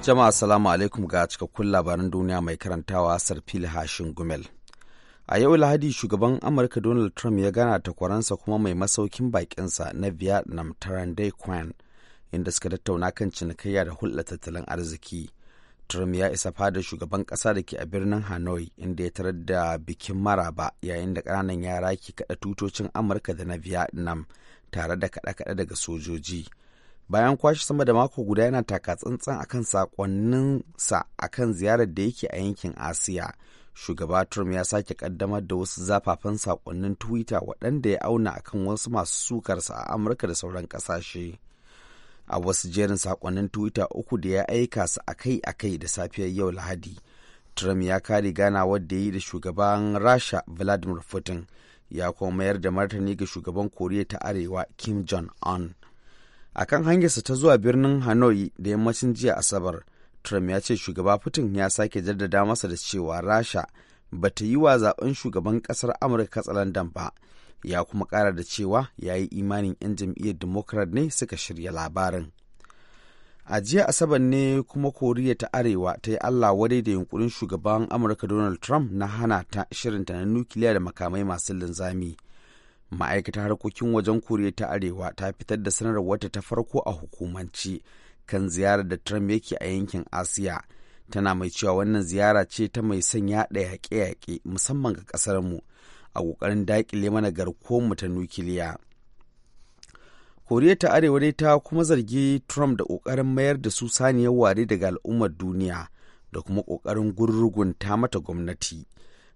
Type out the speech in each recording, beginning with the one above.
Jama'a Assalamu alaikum ga cikakkun labaran duniya mai karantawa Sarfil Hashin Gumel. A yau Lahadi shugaban Amurka Donald Trump ya gana takwaransa kuma mai masaukin bakinsa na Vietnam Tarandai Kwan inda suka tattauna kan cinikayya da hulɗa tattalin arziki. Trump ya isa fadar shugaban ƙasa da ke a birnin Hanoi inda ya tarar da bikin maraba yayin da ƙananan yara ke kaɗa tutocin Amurka da na Vietnam tare da kaɗe-kaɗe daga sojoji. bayan kwashe sama da mako guda yana taka tsantsan akan sakonninsa akan ziyarar da yake a yankin asiya shugaba trump ya sake kaddamar da wasu zafafan sakonnin twitter waɗanda ya auna akan wasu masu sukarsa a amurka da sauran ƙasashe a wasu jerin sakonnin twitter uku da ya aika su akai-akai da safiyar yau lahadi trump ya kare wadda ya yi da shugaban rasha vladimir putin ya kuma mayar da martani ga shugaban koriya ta arewa kim jong-un a kan hanyarsa ta zuwa birnin hanoi da yammacin jiya asabar trump ya ce shugaba putin ya sake jaddada masa da cewa rasha ba ta yi wa zaben shugaban kasar amurka katsalandan ba ya kuma kara da cewa ya yi imanin 'yan jam'iyyar democrat ne suka shirya labarin a jiya asabar ne kuma koriya ta arewa ta yi allah wadai da yunkurin shugaban amurka donald trump na hana ta shirinta na nukiliya da makamai masu linzami ma'aikatar harkokin wajen koriya ta arewa ta fitar da sanarwar wata ta farko a hukumanci kan ziyarar da trump yake a yankin asiya tana mai cewa wannan ziyara ce ta mai sanya da yaƙe-yaƙe musamman ga mu a ƙoƙarin daƙile mana mu ta nukiliya koriya ta arewa dai ta kuma zargi trump da ƙoƙarin mayar da su saniyar ware daga al'ummar duniya da kuma ƙoƙarin gurrugunta mata gwamnati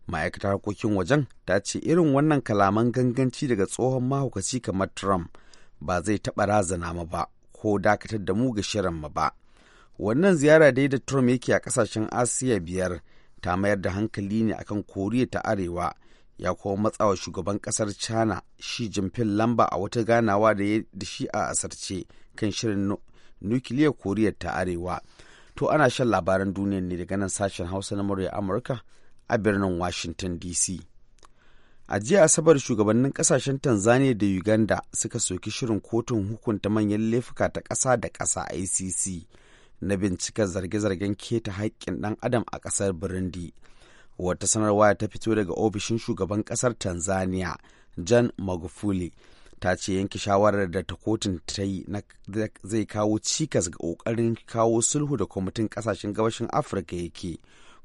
ma'aikatar harkokin wajen ta ce irin wannan kalaman ganganci daga tsohon mahaukaci kamar trump ba zai taɓa razana mu ba ko dakatar da mu ga shirin mu ba wannan ziyara dai da trump yake a ƙasashen asiya biyar ta mayar da hankali ne akan koriya ta arewa ya kuma matsa wa shugaban ƙasar china shi jinfin lamba a wata ganawa da ya da shi a asarce kan shirin nukiliya koriya ta arewa to ana shan labaran duniya ne daga nan sashen hausa na murya amurka a birnin Washington DC. A jiya Asabar shugabannin kasashen Tanzania da Uganda suka soki shirin kotun hukunta manyan laifuka ta ƙasa da ƙasa ICC na bincikar zarge-zargen keta haƙƙin ɗan adam a ƙasar Burundi. Wata sanarwa ta fito daga ofishin shugaban ƙasar Tanzania, John Magufuli, ta ce yanke shawarar da ta kotun ta yi zai kawo cikas ga ƙoƙarin kawo sulhu da kwamitin ƙasashen gabashin Afirka yake. ke.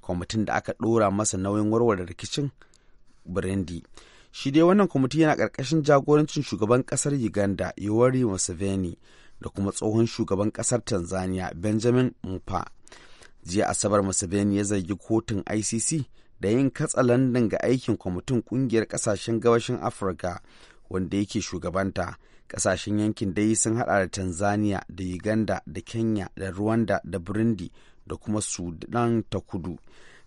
kwamitin da aka ɗora masa nauyin warware rikicin burundi shi dai wannan kwamiti yana ƙarƙashin jagorancin shugaban ƙasar uganda yoweri museveni da kuma tsohon shugaban ƙasar tanzania benjamin mpa jiya asabar museveni ya zargi kotun icc da yin katsalandan ga aikin kwamitin ƙungiyar ƙasashen gabashin afirka wanda yake shugabanta ƙasashen yankin dai sun hada da tanzania da uganda da kenya da rwanda da burundi da kuma sudan ta kudu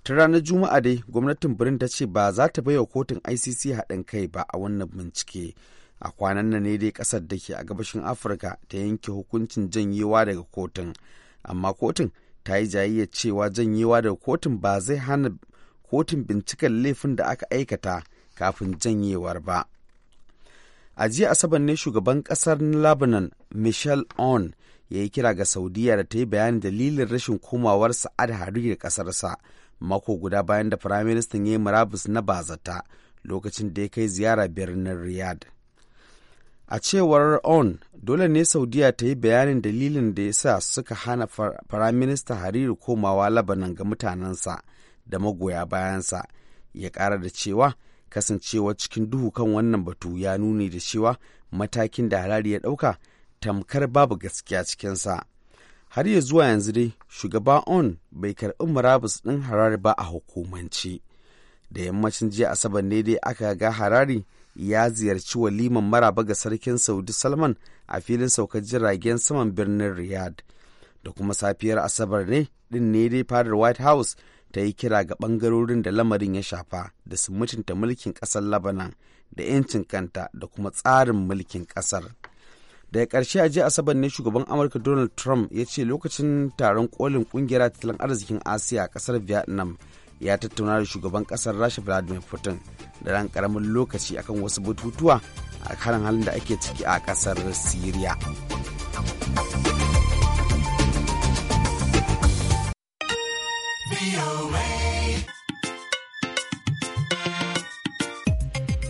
ta ranar juma'a dai gwamnatin birnin ta ce ba za ta bai wa kotun icc haɗin kai ba a wannan bincike a kwanan nan ne dai ƙasar da ke a gabashin afirka ta yanke hukuncin janyewa daga kotun amma kotun ta yi jayayyar cewa janyewa daga kotun ba zai hana kotun binciken laifin da aka aikata kafin janyewar ba a jiya asabar ne shugaban ƙasar lebanon michel on ya yi kira ga saudiya da ta yi bayanin dalilin rashin komawar sa'ad hariri da ƙasarsa mako guda bayan da firaministan ya yi murabus na bazata lokacin da ya kai ziyara birnin riyad a cewar on dole ne saudiya ta yi bayanin dalilin da ya sa suka hana firaminista hariri komawa labanan ga mutanensa da magoya bayansa ya ƙara da cewa kasancewa cikin duhu kan wannan batu ya nuni da cewa matakin da harari ya ɗauka tamkar babu gaskiya cikinsa. Har ya zuwa yanzu dai shugaba on bai karɓi murabus ɗin harari ba a hukumanci. Da yammacin jiya Asabar ne dai aka ga harari ya ziyarci waliman maraba ga sarkin Saudi Salman a filin saukar jiragen saman birnin Riyadh. Da kuma safiyar Asabar ne ɗin ne dai fadar White House ta yi kira ga ɓangarorin da lamarin ya shafa da su mutunta mulkin ƙasar Labanan da 'yancin kanta da kuma tsarin mulkin ƙasar. daga ƙarshe a jiya asabar ne shugaban amurka donald trump ya ce lokacin taron kolin kungiyar tattalin arzikin asiya a ƙasar vietnam ya tattauna da shugaban ƙasar rasha vladimir putin da ran karamin lokaci akan wasu batutuwa a karin halin da ake ciki a ƙasar syria Be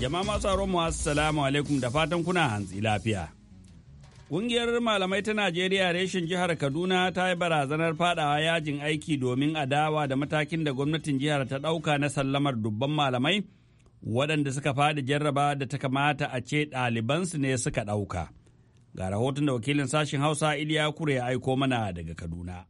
Jama'a masu tsaron mu assalamu alaikum da fatan kuna hantsi lafiya. Ƙungiyar malamai ta Najeriya reshin jihar Kaduna ta yi barazanar fadawa yajin aiki domin adawa da matakin da gwamnatin jihar ta ɗauka na sallamar dubban malamai waɗanda suka faɗi jarraba da ta kamata a ce ɗalibansu ne suka ɗauka. Ga rahoton da wakilin sashen Hausa Iliya Kure ya aiko mana daga Kaduna.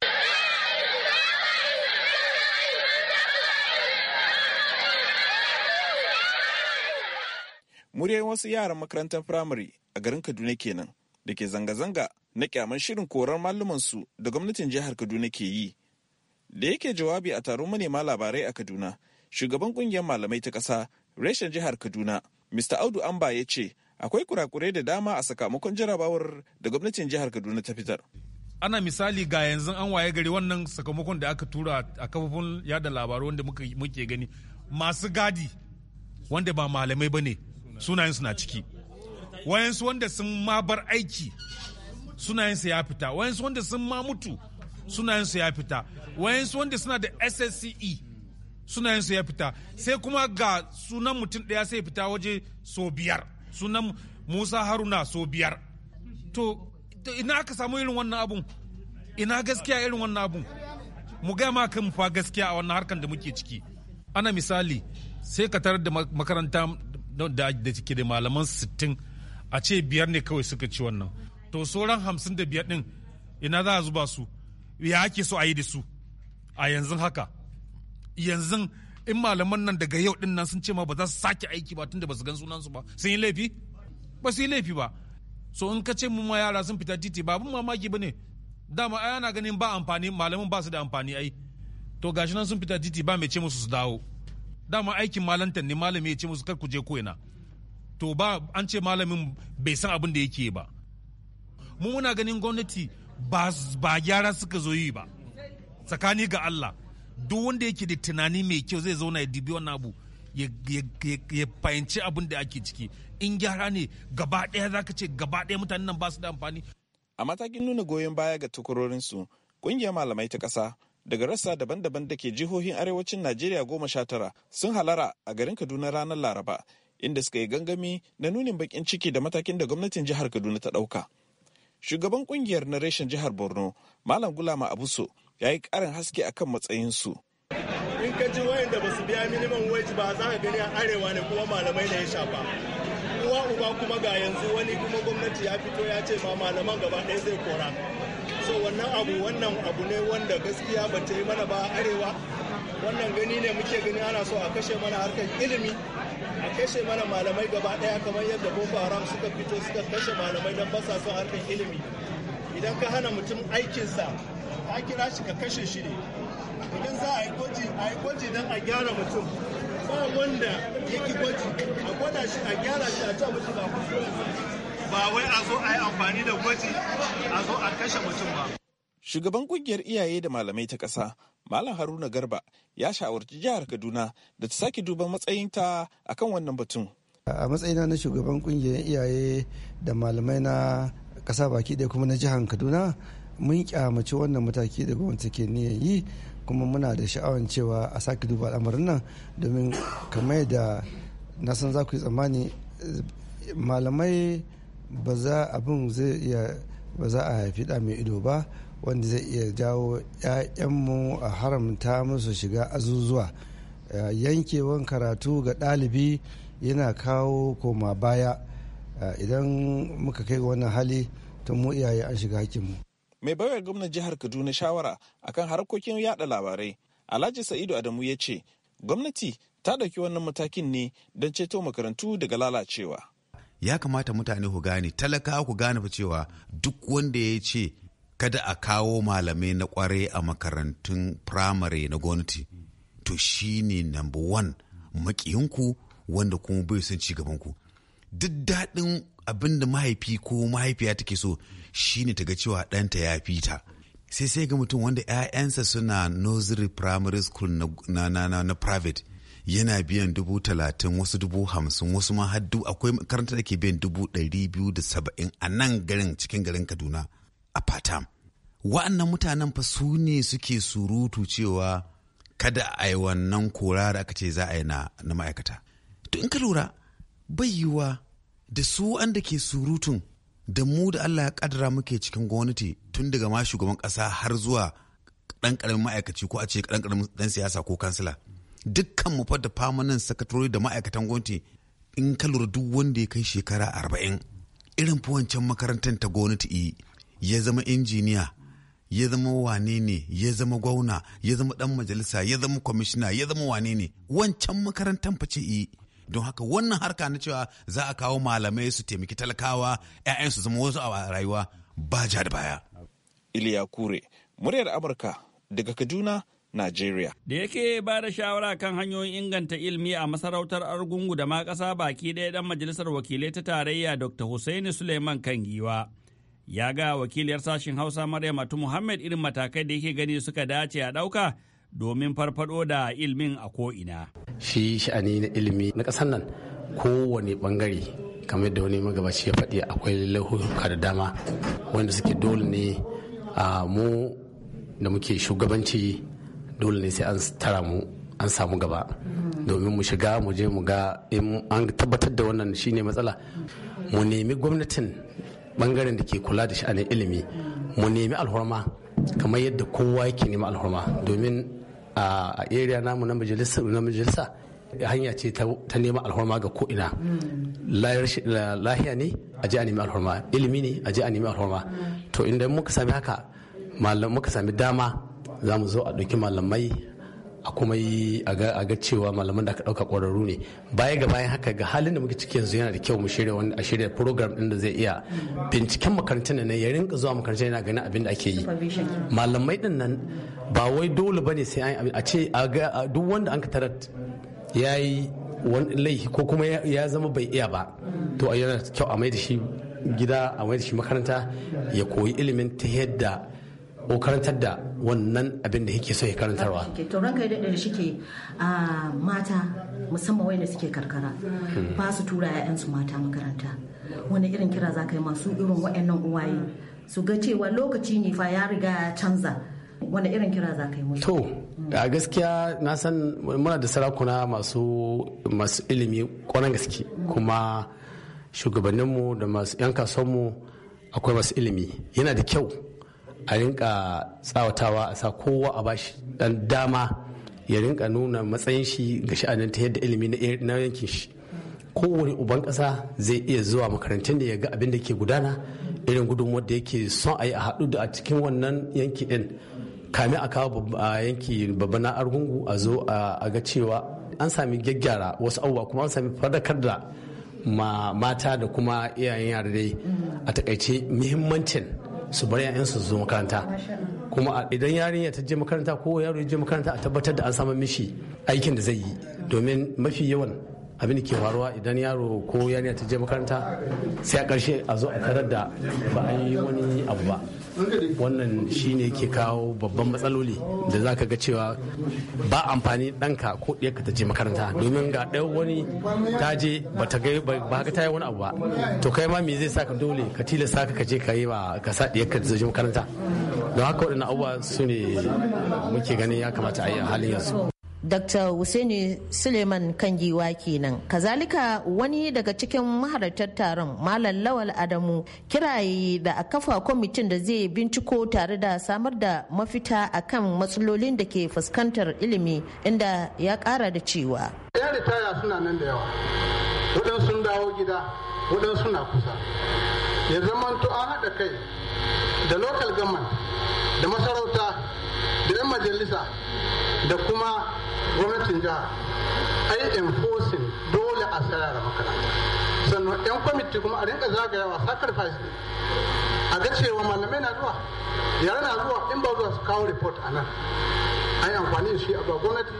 muryar wasu yaran makarantar firamare a garin kaduna kenan da ke zanga-zanga na kyaman shirin korar malumansu da gwamnatin jihar kaduna ke yi da yake jawabi a taron manema labarai a kaduna shugaban kungiyar malamai ta ƙasa reshen jihar kaduna mr audu amba ya ce akwai kurakurai da dama a sakamakon jarabawar da gwamnatin jihar kaduna ta fitar ana misali ga yanzu an waye gari wannan sakamakon da aka tura a kafofin yada labaru wanda muke gani masu gadi wanda ba malamai ba ne sunayensu na ciki wayansu wanda sun ma bar aiki sunayensu ya fita wayansu wanda sun ma mutu sunayensu ya fita wayansu wanda suna da ssce sunayensu ya fita sai kuma ga sunan mutum ɗaya sai fita waje so biyar sunan musa haruna so biyar to ina aka samu irin wannan abun ina gaskiya irin wannan abun mu gaya ma kan fa gaskiya a wannan harkar da muke ciki ana misali sai ka tarar da makaranta da ke da malaman sittin a ce biyar ne kawai suka ci wannan to sauran hamsin da biyar din ina za a zuba su ya ake so a yi da su a yanzu haka yanzu in malaman nan daga yau din nan sun ce ma ba za su sake aiki ba tunda ba su gan sunan su ba sun yi laifi ba su yi laifi ba so in ka ce mu ma yara sun fita titi ba abin mamaki ba ne dama ai ana ganin ba amfani malamin ba su da amfani ai to gashi nan sun fita titi ba mai ce musu su dawo dama aikin malantan ne malami ya ce musu kar ku je ko ina to ba an ce malamin bai san abin da yake ba mu muna ganin gwamnati ba gyara suka zo yi ba tsakani ga Allah duk wanda yake da tunani mai kyau zai zauna ya dibi wannan abu ya fahimci abin da ake ciki in gyara ne gaba ɗaya za ka ce gaba ɗaya mutanen nan ba su da amfani. A matakin nuna goyon baya ga su ƙungiyar malamai ta kasa. daga rassa daban-daban da ke jihohin arewacin najeriya goma sha tara sun halara a garin kaduna ranar laraba inda suka yi gangami na nunin bakin ciki da matakin da gwamnatin jihar kaduna ta ɗauka shugaban kungiyar na reshen jihar borno malam gulama abuso ya yi ƙarin haske akan matsayinsu in ka ji wayan da ba su biya minimum wage ba za ka gani a arewa ne kuma malamai ne ya shafa uwa uba kuma ga yanzu wani kuma gwamnati ya fito ya ce ba malaman gaba ɗaya zai kora so wannan abu wannan abu ne wanda gaskiya ba ta yi mana ba arewa wannan gani ne muke gani ana so a kashe mana harkar ilimi a kashe mana malamai gaba daya kamar yadda boko haram suka fito suka kashe malamai don basa son harkar ilimi idan ka hana mutum aikinsa ka kira shi ka kashe shi ne idan za a yi gwaji a yi gwaji don a gyara mutum ba wanda yake gwaji a gwada shi a gyara shi a ta mutum ba kuskure ba wai a zo a yi amfani da gwaji a zo a kashe mutum ba. Shugaban kungiyar iyaye da malamai ta ƙasa, Malam Haruna Garba ya shawarci jihar Kaduna da ta sake duban matsayinta akan wannan batun. A matsayina na shugaban kungiyar iyaye da malamai na ƙasa baki ɗaya kuma na jihar Kaduna mun kyamaci wannan mataki da gwamnati ke niyan yi kuma muna da sha'awar cewa a sake duba al'amarin nan domin kamar da na san za ku yi tsammani malamai ba za abin zai iya ba za a haifi da mai ido ba wanda zai iya jawo 'ya'yanmu a haramta musu shiga azuzuwa eh, yankewan karatu ga ɗalibi yana kawo koma baya eh, idan muka kai wannan hali tun mu iyaye an shiga hakinmu. mai baiwa gwamnan jihar kaduna shawara akan harkokin yada labarai alhaji sa'idu adamu ya ce gwamnati ta ɗauki wannan matakin ne don ceto makarantu daga lalacewa ya kamata mutane ku gane talaka ku gane cewa duk wanda ya ce kada a kawo malamai na kware a makarantun firamare na gwamnati to shi ne number one makiyinku wanda kuma bai son ci gabanku duk daɗin abin da mahaifi ko mahaifiya take so shine ta ga cewa ɗanta ya fita sai sai ga mutum wanda 'ya'yansa suna nursery primary school na private yana biyan dubu talatin wasu dubu hamsin wasu ma haddu akwai makaranta da ke biyan dubu ɗari biyu da saba'in a nan garin cikin garin kaduna a fatam wa'annan mutanen fa su ne suke surutu cewa kada a yi wannan kora da aka ce za a yi na ma'aikata to in ka lura bai yiwuwa da su wanda ke surutun da mu da Allah ya kadara muke cikin gwamnati tun daga ma shugaban kasa har zuwa ɗan ƙaramin ma'aikaci ko a ce ɗan ƙaramin ɗan siyasa ko kansila dukkan mu fadda famanin sakatori da ma'aikatan gwamnati in ka lura duk wanda ya kai shekara arba'in irin fi wancan makarantar ta gwamnati yi ya zama injiniya ya zama wane ne ya zama gwauna ya zama dan majalisa ya zama kwamishina ya zama wane ne wancan makarantar fa ce yi don haka wannan harka na cewa za a kawo malamai su taimaki talakawa 'ya'yan su zama wasu a rayuwa ba ja da baya. Iliya Kure, muryar Amurka daga Kaduna Najeriya. Da yake ba da shawara kan hanyoyin inganta ilimi a masarautar Argungu da ma ƙasa baki ɗaya ɗan majalisar wakilai ta tarayya Dr. Hussaini Suleiman kangiwa Ya ga wakiliyar sashen Hausa Maryam Atu Muhammad irin matakai da yake gani suka dace a ɗauka domin farfaɗo da ilimin a ko'ina. Shi sha'ani na ilimi na ƙasar nan kowane ɓangare kamar da wani magabaci ya faɗi akwai laifuka da dama wanda suke dole ne a ah, mu da muke shugabanci dole ne sai an tara mu an samu gaba domin mu shiga mu je mu ga in an tabbatar da wannan shine matsala mu nemi gwamnatin bangaren da ke kula da sha'anin ilimi mu nemi alhorma kamar yadda kowa yake nemi alhorma domin a area namu na majalisa hanya ce ta nema alhorma ga ko'ina lahiya ne a ji a nemi alhorma ilimi ne a ji a nemi alhorma to inda muka sami haka muka sami dama za mu zo a ɗauki malamai a kuma yi a ga cewa malaman da aka ɗauka ƙwararru ne baya ga bayan haka ga halin da muke ciki yanzu yana da kyau mu shirya wani a shirya program ɗin da zai iya binciken makarantar nan ya rinka zuwa makarantar yana ganin abin da ake yi malamai ɗin nan ba wai dole ba ne sai an a ce a ga duk wanda an ka tarar ya yi wani laifi ko kuma ya zama bai iya ba to a yana kyau a mai da shi gida a mai da shi makaranta ya koyi ilimin ta yadda ko karantar da wannan abin da yake so ya karantarwa. to ranka da shike a mata musamman wayanda suke karkara hmm. ba su tura 'ya'yansu mata makaranta wani irin kira za ka yi masu irin wa'annan uwaye su ga cewa lokaci ne fa ya riga ya canza wani irin kira za ka yi musu to a gaskiya na san muna da sarakuna masu masu ilimi kwanan gaske kuma shugabanninmu da masu 'yan kasuwanmu akwai masu ilimi yana da kyau a rinka tsawatawa a sa kowa a bashi dan dama ya rinka nuna matsayin shi ga sha'anin ta yadda ilimi na yankin shi kowane uban ƙasa zai iya zuwa makarantar da ya ga abin da ke gudana irin gudunmuwar da yake son a yi a haɗu da a cikin wannan yanki ɗin kame a kawo yanki babba na argungu a zo a ga cewa an sami gyaggyara wasu abubuwa kuma an sami fadakar da mata da kuma iyayen yare a takaice muhimmancin su bar yayan su zo makaranta kuma idan yarinya ta je makaranta ko yaro ya je makaranta a tabbatar da an samu mishi aikin da zai yi domin mafi yawan abin da ke faruwa idan yaro ko yarinya ta je makaranta sai a karshe a zo a karar da ba a yi wani abu ba wannan shine ke kawo babban matsaloli da za ka ga cewa ba amfani ɗanka ko ɗiyarka ta je makaranta domin ga ɗaya wani ta je ba ta ga ta yi wani abu ba to kai ma me zai saka dole ka tilasta ka je ka yi ba ka sa ɗiyarka ta je makaranta don haka waɗannan abubuwa su ne muke ganin ya kamata a yi a halin yanzu Dr. Hussaini Suleiman Kangiwa kenan. Kazalika wani daga cikin maharatar taron Malam Lawal Adamu kiraye da a kafa kwamitin da zai binciko tare da samar da mafita akan matsalolin da ke fuskantar ilimi inda ya kara da cewa. Yan ritaya suna nan da yawa, waɗansu sun dawo gida, waɗansu na kusa. Ya to an haɗa kai da local government da masarauta da 'yan majalisa da kuma gwamnatin jiha ai enforcing dole a tsaya da makaranta sannan yan kwamiti kuma a rinka zagayawa sacrifice a ga cewa malamai na zuwa yara na zuwa in ba zuwa su kawo report a nan a yi amfani da shi a gwamnati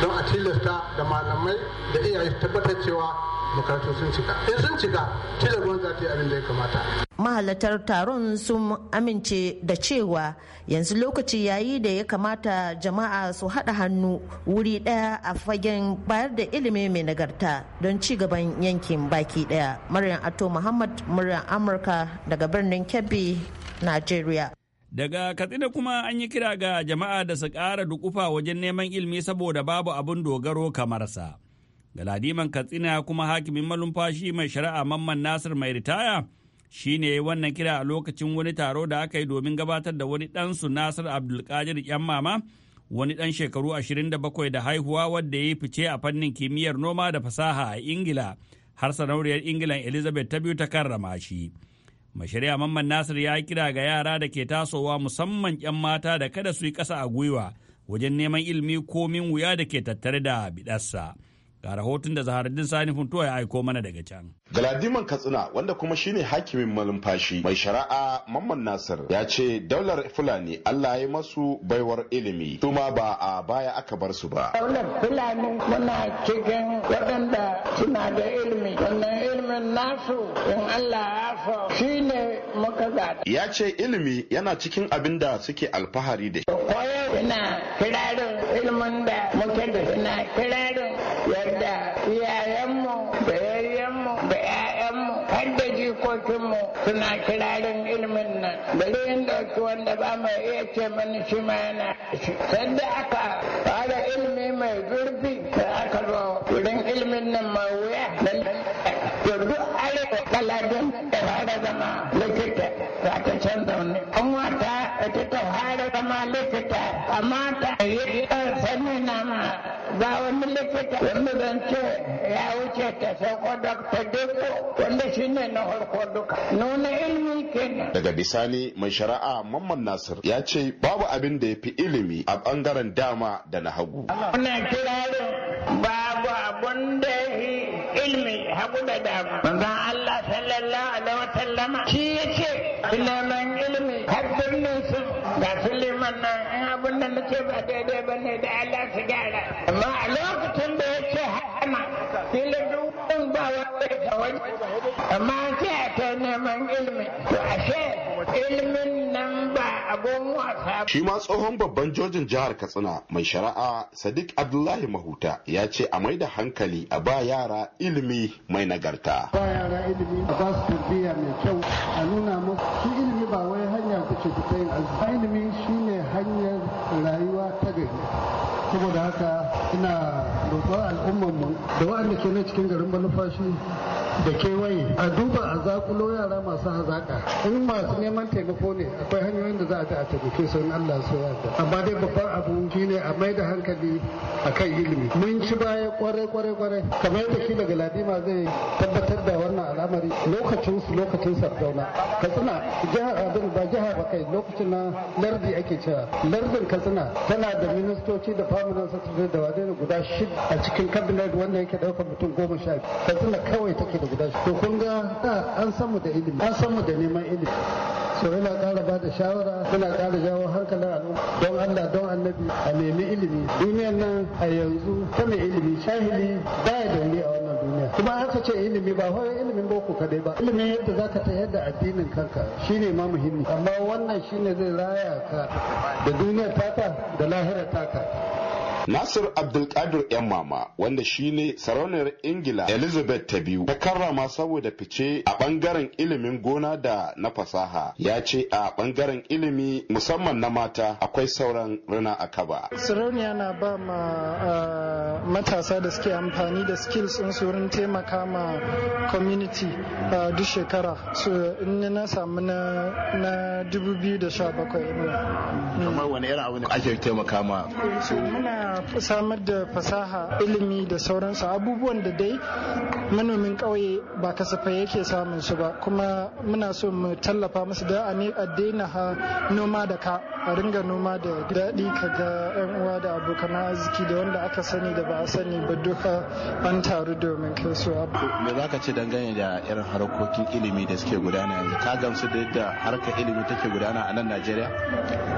don a tilasta da malamai da iyaye tabbatar cewa bukatu sun cika in sun cika tilar ruwan za ta yi abin da ya kamata mahalartar taron sun amince da cewa yanzu lokaci yayi da ya kamata jama'a su haɗa hannu wuri ɗaya a fagen bayar da ilimi mai nagarta don ci gaban yankin baki ɗaya maryam ato muhammad muryar amurka daga birnin kebbi nigeria daga katsina kuma an yi kira ga jama'a da su ƙara dukufa wajen neman ilimi saboda babu abin dogaro kamar sa. Galadiman Katsina kuma hakimin malumfashi mai shari'a Mamman Nasir mai ritaya shi ne wannan kira a lokacin wani taro da aka yi domin gabatar da wani ɗansu Nasir Abdulkadir ‘yan mama wani ɗan shekaru ashirin da bakwai da haihuwa wadda ya yi fice a fannin kimiyyar noma da fasaha a Ingila har sanauriyar Ingilan Elizabeth ta biyu ta karrama shi. Mashari'a Mamman Nasir ya kira ga yara da ke tasowa musamman 'yan mata da kada su yi ƙasa a gwiwa wajen neman ilimi ko min wuya da ke tattare da biɗarsa. Ga rahoton da Zaharaddin Sani Funtuwa ya aiko mana daga can. Galadiman Katsina wanda kuma shine hakimin malumfashi mai shari'a Mamman Nasir ya ce daular Fulani Allah ya masu baiwar ilimi kuma ba a baya aka bar su ba. Daular Fulani muna cikin waɗanda suna da ilimi wannan ilimin nasu in Allah ya fa shine muka gada. Ya ce ilimi yana cikin abin da suke alfahari da shi. Koyo yana kirari kirarin ilmin nan bari in ɗauki wanda ba mai iya ce mani shi ma sanda aka fara ilmi mai zurfi da aka zo wurin ilmin nan mai wuya to duk arewa kaladin da fara zama likita za ta canza wani an wata ta fara zama likita amma ta yi sani na ma likita wanda zan ce ya wuce ta sauko Dr. Deko wanda shi ne na harko duka. Nuna ilimi kenan. Daga bisani mai shari'a Mamman Nasir ya ce babu abin da ya fi ilimi a bangaren dama da na hagu. Wannan kirarin babu abun da ya fi ilimi hagu da dama. Allah sallallahu alaihi wa sallama shi ya ce ilimin ilimi har suleiman nan in abin da ce ba daidai ba ne da Allah su gyara amma a lokacin da ya ce hana filin dukkan ba wanda ta wani amma sai a ta neman ilimi to ashe ilimin nan ba abun wasa shi ma tsohon babban jojin jihar katsina mai shari'a sadiq abdullahi mahuta ya ce a mai da hankali a ba yara ilimi mai nagarta ba yara ilimi a ba su tarbiyya mai kyau a nuna musu ilimi ba wani ce ta yin shine hanyar rayuwa ta gari saboda haka ina roƙon al'ummanmu da waɗanda ke na cikin garin manufashi da kewaye a duba a zakulo yara masu hazaƙa in masu neman taimako ne akwai hanyoyin da za a ta a taimake su in Allah so yarda amma dai babban abu ne a mai da hankali akan ilimi mun ci baya kwarai kwarai kwarai kamar yadda shi daga ladima zai tabbatar da wannan al'amari lokacin su lokacin sardauna katsina jihar abin ba jihar ba kai lokacin na lardi ake cewa lardin katsina tana da ministoci da permanent secretary da wadai guda shida a cikin kabinet wanda yake ɗaukar mutum goma sha biyu katsina kawai take da guda to kun ga an samu da ilimi an samu da neman ilimi so yana kara ba da shawara suna kara jawo hankalin al'umma don Allah don annabi a nemi ilimi duniyar nan a yanzu ta mai ilimi shahili baya da wuri a wannan duniya kuma haka ce ilimi ba wai ilimin boko kadai ba ilimin yadda za ka ta da addinin kanka shine ma muhimmi amma wannan shine zai raya ka da duniyar taka da lahirar taka Nasir Abdulkadir yan mama wanda shine sarauniyar Ingila Elizabeth ta biyu ta karrama saboda fice a bangaren ilimin gona da na fasaha ya ce a ɓangaren ilimi musamman na mata akwai sauran rina a kaba. Sarauniya na ba ma matasa da suke amfani da skills in su wurin taimaka ma community duk shekara so in na samu na 2017 kamar wani irin abu ne ake taimaka ma samar da fasaha ilimi da sauransu abubuwan da dai manomin ƙauye ba kasafai yake samun su ba kuma muna so mu tallafa musu da a daina ha noma da ka a ringa noma da daɗi ka ga 'yan uwa da abokan arziki da wanda aka sani da ba a sani ba duka an taru domin kai su abu. me za ka ce dangane da irin harkokin ilimi da suke gudana yanzu ka gamsu da yadda harkar ilimi take gudana a nan najeriya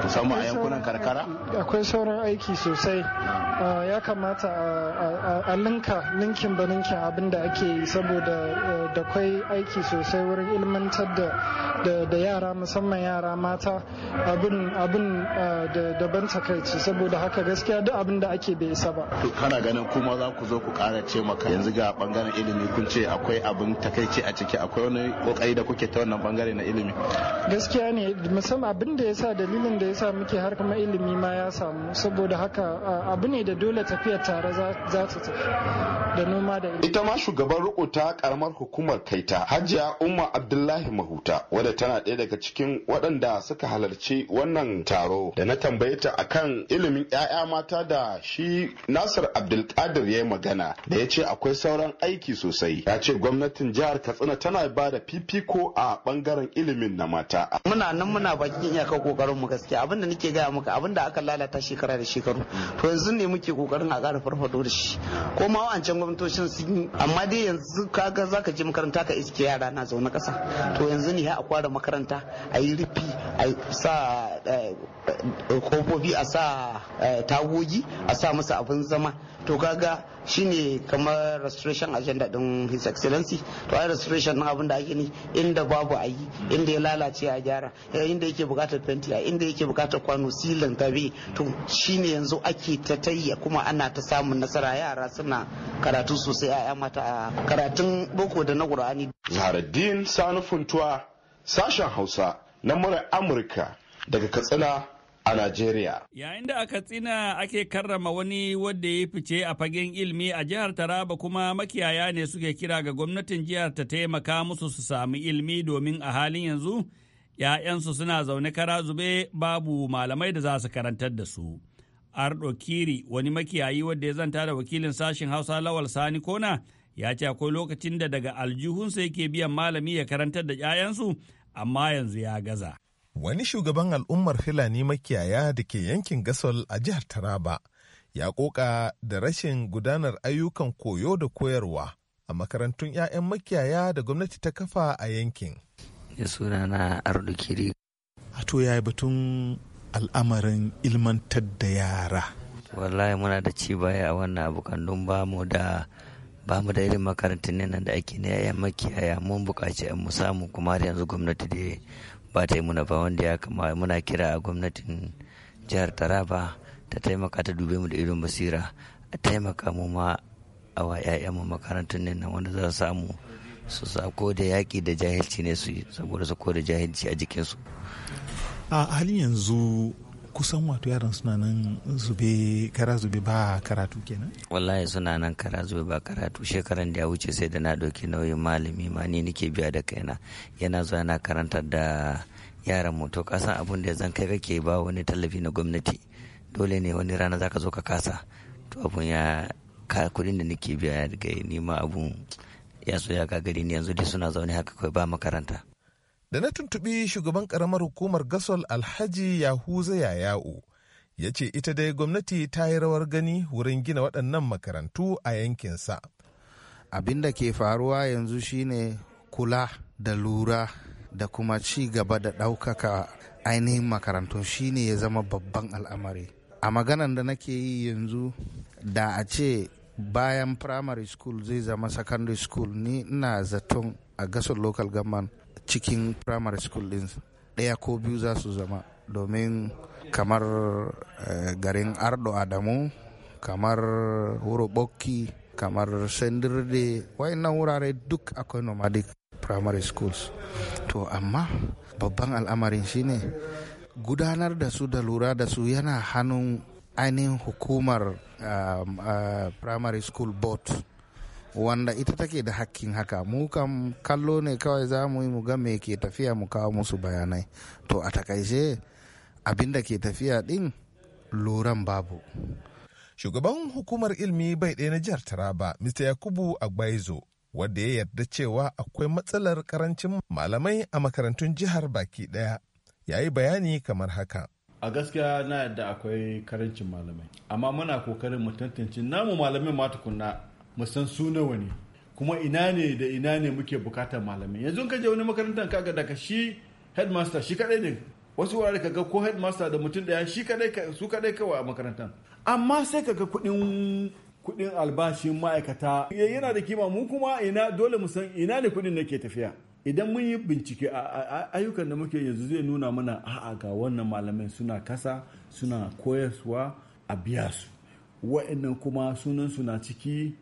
musamman a yankunan karkara akwai sauran aiki sosai Eh, ya kamata a linka linkin ba ninkin abin da ake yi saboda eh, da kwai aiki sosai wurin ilmantar da yara musamman yara mata abin ah, da ban takaici saboda haka gaskiya duk abin da ake bai isa ba to kana ganin kuma za ku zo ku kara ce maka yanzu ga bangaren ilimi kun ce akwai abin takaici a ciki akwai wani kokari da kuke ta wannan bangare na ilimi gaskiya ne musamman abin da yasa dalilin da yasa muke har kuma ilimi ma ya samu saboda haka ah, abu ne da dole tafiyar tare za ta tafi da noma da ilimi ita ma shugaban riko ta karamar hukumar hukumar kaita hajiya umma abdullahi mahuta wadda tana ɗaya daga cikin waɗanda suka halarci wannan taro da na tambaye ta akan ilimin 'ya'ya mata da shi nasir abdulkadir ya yi magana da ya ce akwai sauran aiki sosai ya ce gwamnatin jihar katsina tana ba da fifiko a bangaren ilimin na mata muna nan muna bakin iyaka kokarin mu gaskiya abinda nake gaya muka abinda aka lalata shekara da shekaru to yanzu ne muke kokarin a ƙara farfado da shi ko ma wa'ancan gwamnatocin sun amma dai yanzu kaga zaka ji makaranta ka iske yara na zaune kasa to yanzu ne ya a kwara makaranta a yi rufi a sa eh, eh, kofofi a sa eh, tagogi a sa masa abin zama to kaga shine kamar restoration agenda din his excellency to ai restoration din abin da ake ni inda babu a yi inda ya lalace a gyara eh, inda yake bukatar fenti a inda yake bukatar kwano silin tabi to shine yanzu ake ta tayya kuma ana ta samun nasara yara suna karatu sosai a mata a karatun boko da na qur'ani Zaharaddin Sani Funtuwa sashen Hausa na murar Amurka daga Katsina a Najeriya. Yayin da a Katsina ake karrama wani wadda ya fice a fagen ilmi a jihar Taraba kuma makiyaya ne suke kira ga gwamnatin jihar ta taimaka musu su sami ilmi domin a halin yanzu ‘ya'yansu suna zaune kara zube babu malamai da za su karantar da su. Ardo Kiri wani makiyayi wadda ya zanta da wakilin sashen Hausa Lawal Sani Kona ya ce akwai lokacin da daga aljihunsa yake biyan malami ya karantar da ‘ya'yansu amma yanzu ya gaza. Wani shugaban al'ummar Fulani makiyaya da ke yankin Gasol a jihar Taraba ya koka da rashin gudanar ayyukan koyo da koyarwa a makarantun 'ya'yan makiyaya da gwamnati ta kafa a yankin. Ya sunana Ardukiri. Hato ya yi batun al'amarin ilmantar da yara. Wallahi muna da ci baya a wannan abu kandun ba mu da ba mu da irin makarantun nan da ake na 'ya'yan makiyaya mun bukaci mu samu kuma yanzu gwamnati da ba ta yi muna ba wanda ya kama muna kira a gwamnatin jihar taraba ta taimaka ta dube mu da idon basira a taimaka mu ma a wa 'ya'yanmu makarantun nan wanda za su samu su sako da yaƙi da jahilci ne su saboda sako da jahilci a jikinsu a halin yanzu kusan wato yaran suna nan zube kara zube ba karatu kenan wallahi suna nan kara zube ba karatu shekaran da ya wuce sai da na doki nauyin malami ma ni nake biya da kaina yana zuwa na karantar da yaran mu kasan abun da zan kai kake ba wani tallafi na gwamnati dole ne wani rana zaka zo ka kasa to abun ya ka kudin da nake biya ya riga ni ma abun ya so ya gagari ni yanzu dai suna zaune haka kai ba makaranta Da na tuntubi shugaban ƙaramar hukumar Gasol Alhaji Yahuza Yaya'u, ya ce ita dai gwamnati ta yi rawar gani wurin gina waɗannan makarantu a yankinsa. Abin da ke faruwa yanzu shine kula da lura da kuma ci gaba da ɗaukaka ainihin makarantun shine ya zama babban al'amari. A maganan da nake yi yanzu da a ce bayan primary school zai zama secondary school ni ina zaton a gasar local government cikin primary school din ɗaya ko biyu za su zama domin kamar eh, garin ardo adamu kamar wuro bokki kamar sandirde wayannan wurare duk akwai nomadic primary schools to amma babban al'amarin shine gudanar da su da lura da su yana hannun ainihin hukumar uh, uh, primary school board wanda ita take da hakkin haka mu kan kallo ne kawai za mu yi mu ga me ke tafiya mu kawo musu bayanai to a takaice abin da ke tafiya din loran babu shugaban hukumar ilmi bai ɗaya na jihar taraba mr yakubu agbaizo wadda ya yarda cewa akwai matsalar karancin malamai a makarantun jihar baki ɗaya ya yi bayani kamar haka a gaskiya na yadda akwai karancin malamai amma muna kokarin mu tantance namu malamai ma tukunna mu san su nawa ne kuma ina ne da ina ne muke bukatar malamai yanzu ka je wani makarantar kaga daga shi headmaster shi kadai ne wasu wurare kaga ko headmaster da mutum daya shi kadai su kadai kawai a makarantar amma sai kaga kuɗin kuɗin albashin ma'aikata eh, yana da kima mu kuma ina dole mu san ina ne kuɗin nake tafiya idan mun yi bincike a ayyukan da muke yanzu zai nuna mana a'a ga wannan malamai suna kasa suna koyarwa a biya su wa'annan kuma sunan na ciki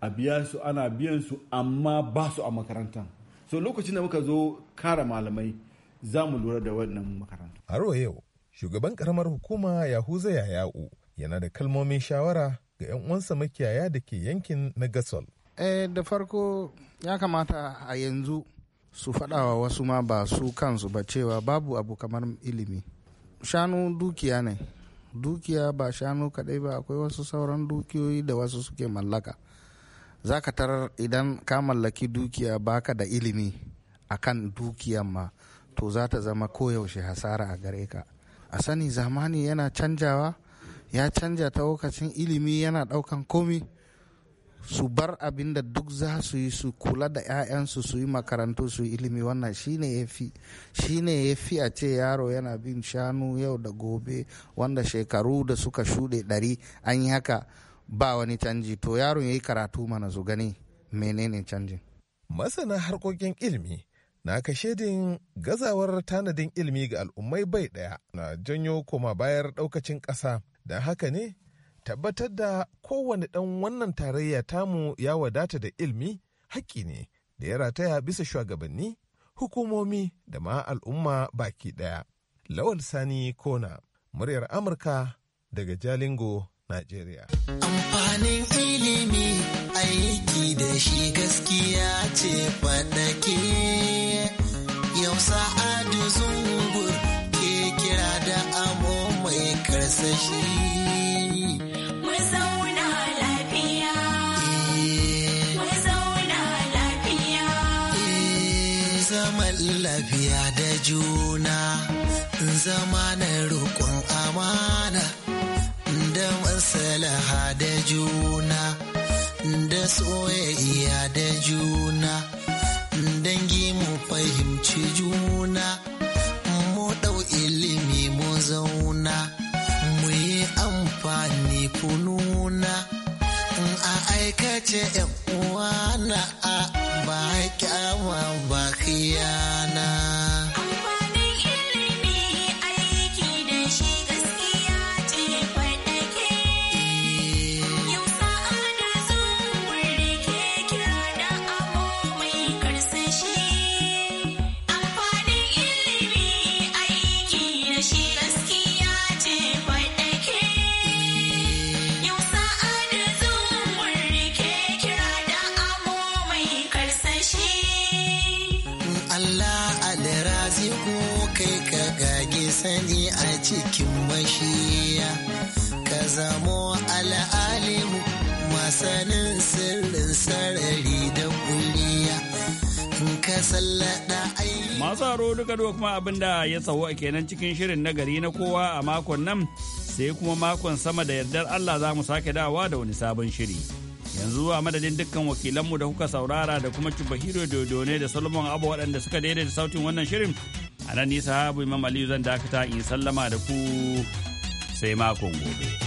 a biya su ana biyan su amma ba su a makarantar so lokacin da muka zo kara malamai za mu lura da wannan makaranta haro yau shugaban karamar hukuma yahuza ya'u yana da kalmomin shawara ga 'yan uwansa makiyaya da ke yankin na gasol eh da farko ya kamata a yanzu su faɗawa wasu ma ba su kansu ba cewa babu abu kamar ilimi shanu dukiya ne dukiya ba shanu kaɗai ba akwai wasu sauran dukiyoyi da wasu suke mallaka za ka tarar idan ka mallaki dukiya baka da ilimi a kan dukiyan ma to za ta zama koyaushe hasara a gare ka a sani zamani yana canjawa ya canja ta lokacin ilimi yana daukan komi su bar abin da duk za su yi su kula da 'ya'yansu su yi makarantu su yi ilimi wannan shine ya fi shine ya fi a ce yaro yana bin shanu yau da gobe wanda shekaru da suka shuɗe ɗari an yi haka ba wani canji to yaron ya yi karatu mana su gani menene canjin masana harkokin ilmi na kashe din gazawar tanadin ilmi ga al'ummai bai daya na janyo koma bayar daukacin ƙasa da haka ne tabbatar da kowane ɗan wannan tarayya tamu ya wadata da ilmi haƙƙi ne da ya rataya bisa shugabanni hukumomi da ma al'umma baki ɗaya. Lawal Sani Kona, muryar Amurka daga Jalingo, Najeriya. Amfanin ilimi aiki da shi gaskiya ce faɗake yau sa'adu zungur ke kira da amo mai karsashi. Eh. Eh, zaman lafiya da juna, zama na roƙon amana. juna da soyayya da juna dangi mu fahimci juna mu ɗau ilimi mu zauna mu yi amfani kununa a aikace uwa na a ba kyawa ba khiyana. Masu haro duka duka kuma abin da ya tsawo a kenan cikin shirin na gari na kowa a makon nan sai kuma makon sama da yardar Allah za mu sake dawa da wani sabon shiri. Yanzu a madadin dukkan wakilanmu da kuka saurara da kuma Cibahiro Dodone da Solomon Abu waɗanda suka daidaita sautin wannan shirin. A nan nisa Habu Imam Aliyu zan dakata in sallama da ku sai makon gobe.